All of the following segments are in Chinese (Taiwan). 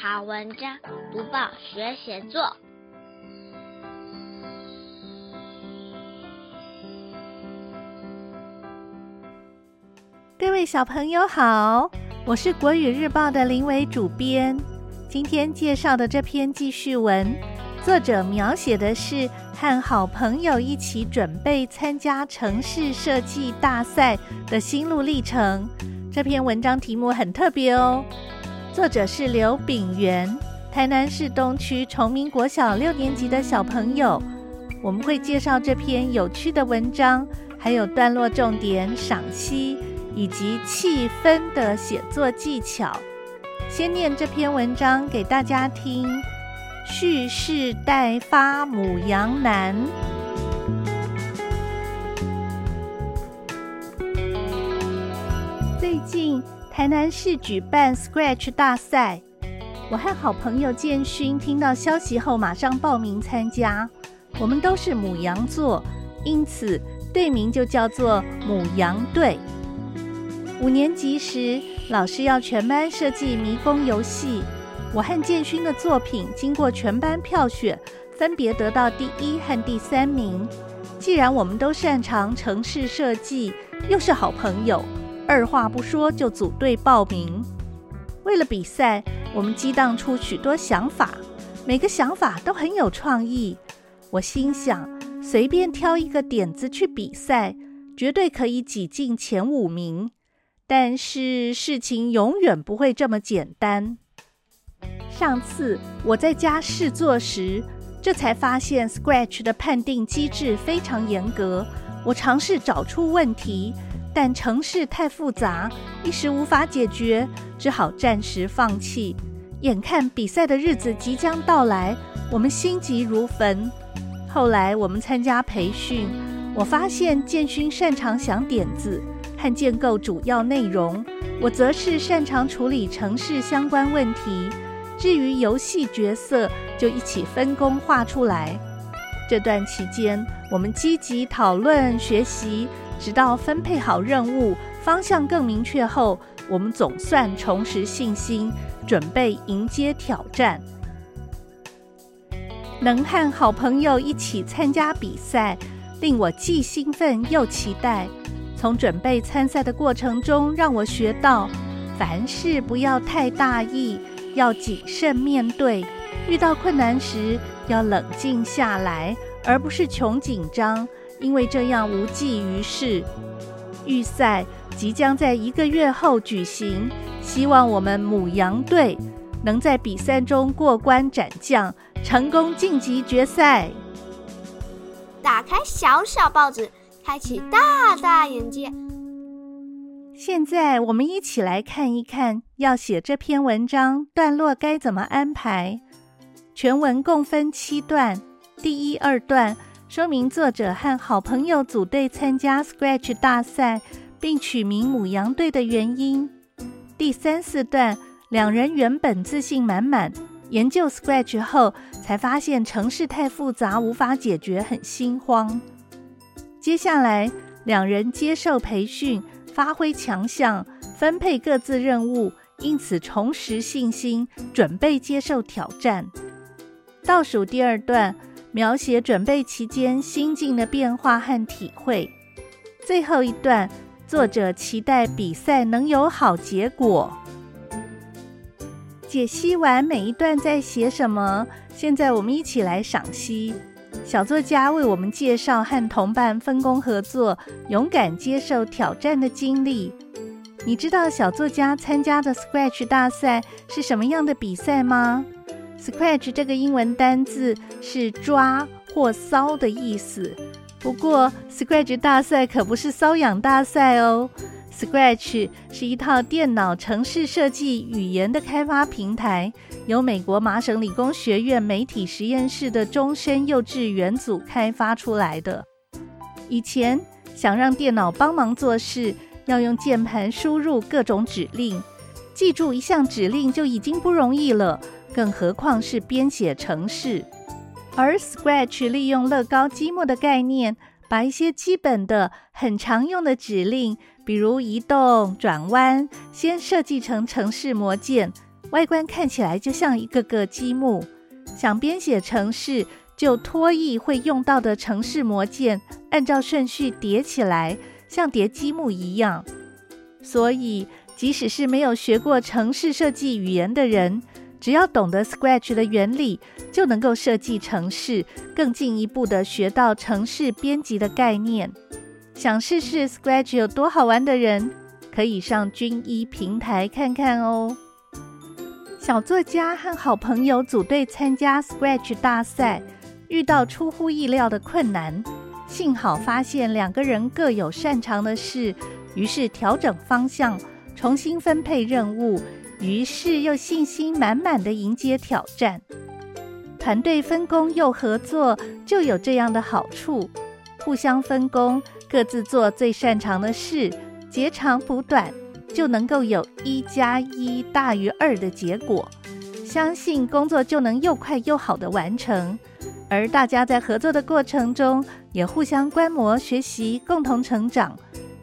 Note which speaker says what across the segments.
Speaker 1: 好文章，讀報學寫作。各位小朋友好，我是國語日報的林偉主編。今天介紹的這篇記敘文，作者描寫的是和好朋友一起準備參加程式設計大賽的心路歷程。這篇文章題目很特別哦。作者是劉炳元，台南市東區崇明國小六年級的小朋友。我們會介紹這篇有趣的文章，還有段落重點賞析，以及氣氛的寫作技巧。先念這篇文章給大家聽：蓄勢待發牡羊男。台南市舉辦 Scratch 大賽，我和好朋友建勳聽到消息後，馬上報名參加。我們都是牡羊座，因此隊名就叫做“牡羊隊”。五年級時，老師要全班設計迷宮遊戲，我和建勳的作品經過全班票選，分別得到第一和第三名。既然我們都擅長程式設計，又是好朋友。二話不說就組隊報名。為了比賽，我們激盪出許多想法，每個想法都很有創意。我心想，隨便挑一個點子去比賽，絕對可以擠進前五名。但是事情永遠不會這麼簡單。上次我在家試做時，這才發現 Scratch 的判定機制非常嚴格。我嘗試找出問題。但程式太複雜，一時無法解決，只好暫時放棄。眼看比賽的日子即將到來，我們心急如焚。後來我們參加培訓，我發現建勳擅長想點子和建構主要內容，我則是擅長處理程式相關問題。至於遊戲角色，就一起分工畫出來。這段期間，我們積極討論、學習，直到分配好任務、方向更明確後，我們總算重拾信心，準備迎接挑戰。能和好朋友一起參加比賽，令我既興奮又期待。從準備參賽的過程中，讓我學到凡事不要太大意，要謹慎面對。遇到困難時，要冷靜下來，而不是窮緊張，因為這樣無濟於事。預賽即將在一個月後舉行，希望我們牡羊隊能在比賽中過關斬將，成功晉級決賽。打開小小報紙，開啟大大眼界。現在我們一起來看一看，要寫這篇文章段落該怎麼安排。全文共分七段。第一二段說明作者和好朋友組隊參加 Scratch 大賽，並取名“牡羊隊”的原因。第三四段，兩人原本自信滿滿，研究 Scratch 後才發現程式太複雜，無法解決，很心慌。接下來，兩人接受培訓，發揮強項，分配各自任務，因此重拾信心，準備接受挑戰。倒數第二段描寫準備期間心境的變化和體會，最後一段作者期待比賽能有好結果。解析完每一段在寫什麼，現在我們一起來賞析小作家為我們介紹和同伴分工合作、勇敢接受挑戰的經歷。你知道小作家參加的 Scratch 大賽是什麼樣的比賽嗎？Scratch 這個英文單字是“抓”或“搔”的意思。不過，Scratch 大賽可不是搔癢大賽哦。Scratch 是一套電腦程式設計語言的開發平台，由美國麻省理工學院媒體實驗室的終身幼稚園組開發出來的。以前想讓電腦幫忙做事，要用鍵盤輸入各種指令，記住一項指令就已經不容易了。更何況是編寫程式，而 Scratch 利用樂高積木的概念，把一些基本的很常用的指令，比如移動、轉彎，先設計成程式模件，外觀看起來就像一個個積木。想編寫程式，就拖曳會用到的程式模件，按照順序疊起來，像疊積木一樣。所以，即使是沒有學過程式設計語言的人，只要懂得 Scratch 的原理，就能夠設計程式，更進一步的學到程式編輯的概念。想試試 Scratch 有多好玩的人，可以上均一平台看看哦。小作家和好朋友組隊參加 Scratch 大賽，遇到出乎意料的困難，幸好發現兩個人各有擅長的事，於是調整方向，重新分配任務。於是又信心滿滿地迎接挑戰，團隊分工又合作，就有這樣的好處：互相分工，各自做最擅長的事，截長補短，就能夠有一加一大於二的結果。相信工作就能又快又好的完成，而大家在合作的過程中也互相觀摩學習，共同成長。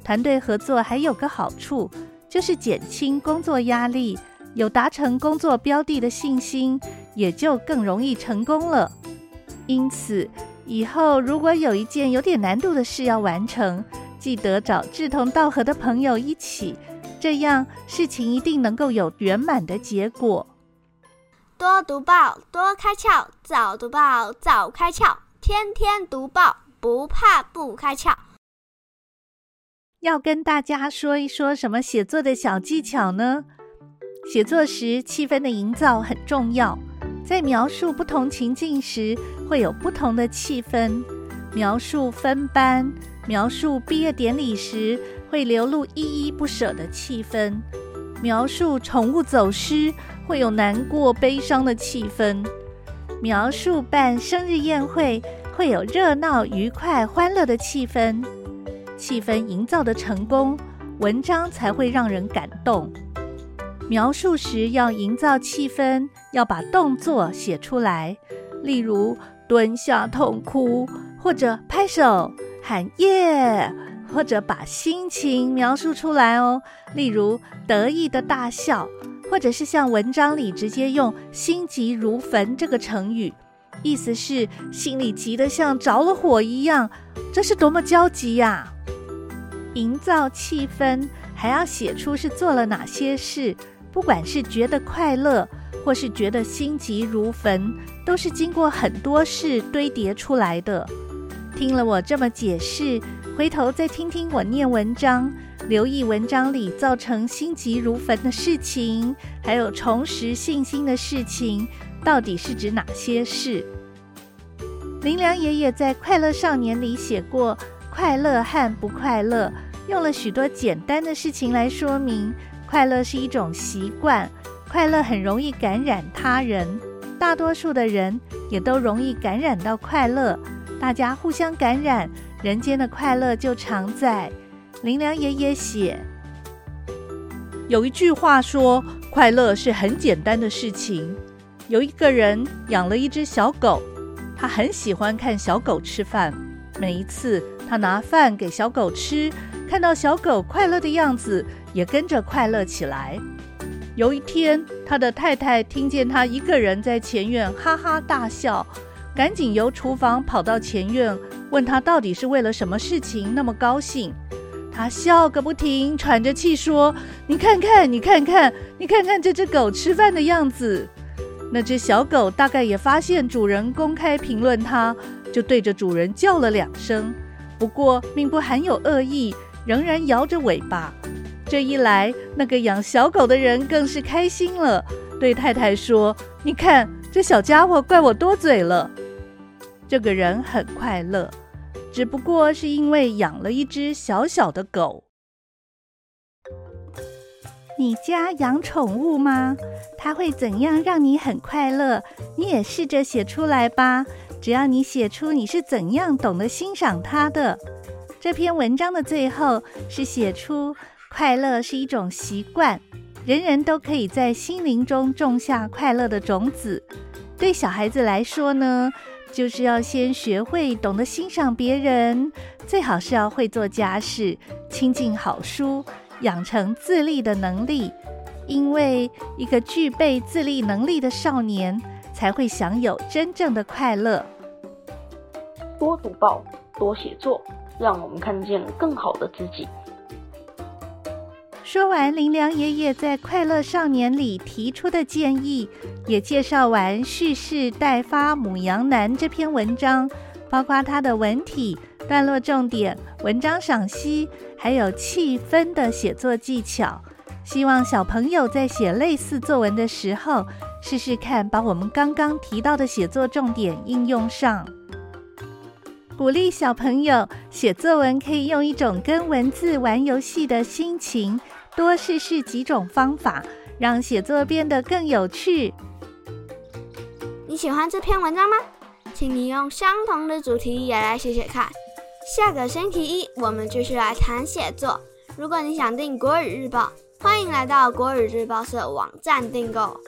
Speaker 1: 團隊合作還有個好處。就是減輕工作壓力，有達成工作標的的信心，也就更容易成功了。因此，以後如果有一件有點難度的事要完成，記得找志同道合的朋友一起，這樣事情一定能夠有圓滿的結果。多讀報，多開竅；早讀報，早開竅；天天讀報，不怕不開竅。要跟大家說一說什麼寫作的小技巧呢？寫作時氣氛的營造很重要。在描述不同情境時，會有不同的氣氛。描述分班，描述畢業典禮時，會流露依依不捨的氣氛；描述寵物走失，會有難過、悲傷的氣氛；描述辦生日宴會，會有熱鬧、愉快、歡樂的氣氛。氣氛營造得成功，文章才會讓人感動。描述時要營造氣氛，要把動作寫出來，例如蹲下痛哭，或者拍手喊耶，或者把心情描述出來哦。例如得意的大笑，或者是像文章裡直接用心急如焚這個成語，意思是心裡急得像着了火一樣，這是多麼焦急呀、啊！營造氣氛，還要寫出是做了哪些事。不管是覺得快樂，或是覺得心急如焚，都是經過很多事堆疊出來的。聽了我這麼解釋，回頭再聽聽我念文章，留意文章裡造成心急如焚的事情，還有重拾信心的事情，到底是指哪些事？林良爺爺在《快樂少年》裡寫過。快樂和不快樂，用了許多簡單的事情來說明。快樂是一種習慣，快樂很容易感染他人，大多數的人也都容易感染到快樂。大家互相感染，人間的快樂就常在。林良爺爺寫有一句話說：“快樂是很簡單的事情。”有一個人養了一隻小狗，他很喜歡看小狗吃飯，每一次。他拿飯給小狗吃，看到小狗快樂的樣子，也跟着快樂起來。有一天，他的太太聽見他一個人在前院哈哈大笑，趕緊由廚房跑到前院，問他到底是為了什麼事情那麼高興。他笑個不停，喘着氣說：“你看看，你看看，你看看這隻狗吃飯的樣子。”那隻小狗大概也發現主人公開評論它，就對着主人叫了兩聲。不過，並不含有惡意，仍然搖着尾巴。這一來，那個養小狗的人更是開心了，對太太說：“你看，這小家伙怪我多嘴了。”這個人很快樂，只不過是因為養了一隻小小的狗。你家養寵物嗎？它會怎樣讓你很快樂？你也試着寫出來吧。只要你寫出你是怎樣懂得欣賞他的，這篇文章的最後是寫出快樂是一種習慣，人人都可以在心靈中種下快樂的種子。對小孩子來說呢，就是要先學會懂得欣賞別人，最好是要會做家事，親近好書，養成自立的能力。因為一個具備自立能力的少年，才會享有真正的快樂。多讀報，多寫作，讓我們看見更好的自己。說完林良爺爺在《快樂少年》裡提出的建議，也介紹完蓄勢待發牡羊男這篇文章，包括他的文體、段落重點、文章賞析，還有氣氛的寫作技巧。希望小朋友在寫類似作文的時候，試試看把我們剛剛提到的寫作重點應用上。鼓勵小朋友寫作文，可以用一種跟文字玩遊戲的心情，多試試幾種方法，讓寫作變得更有趣。你喜歡這篇文章嗎？請你用相同的主題也來寫寫看。下個星期一，我們繼續來談寫作。如果你想訂國語日報，歡迎來到國語日報社網站訂購。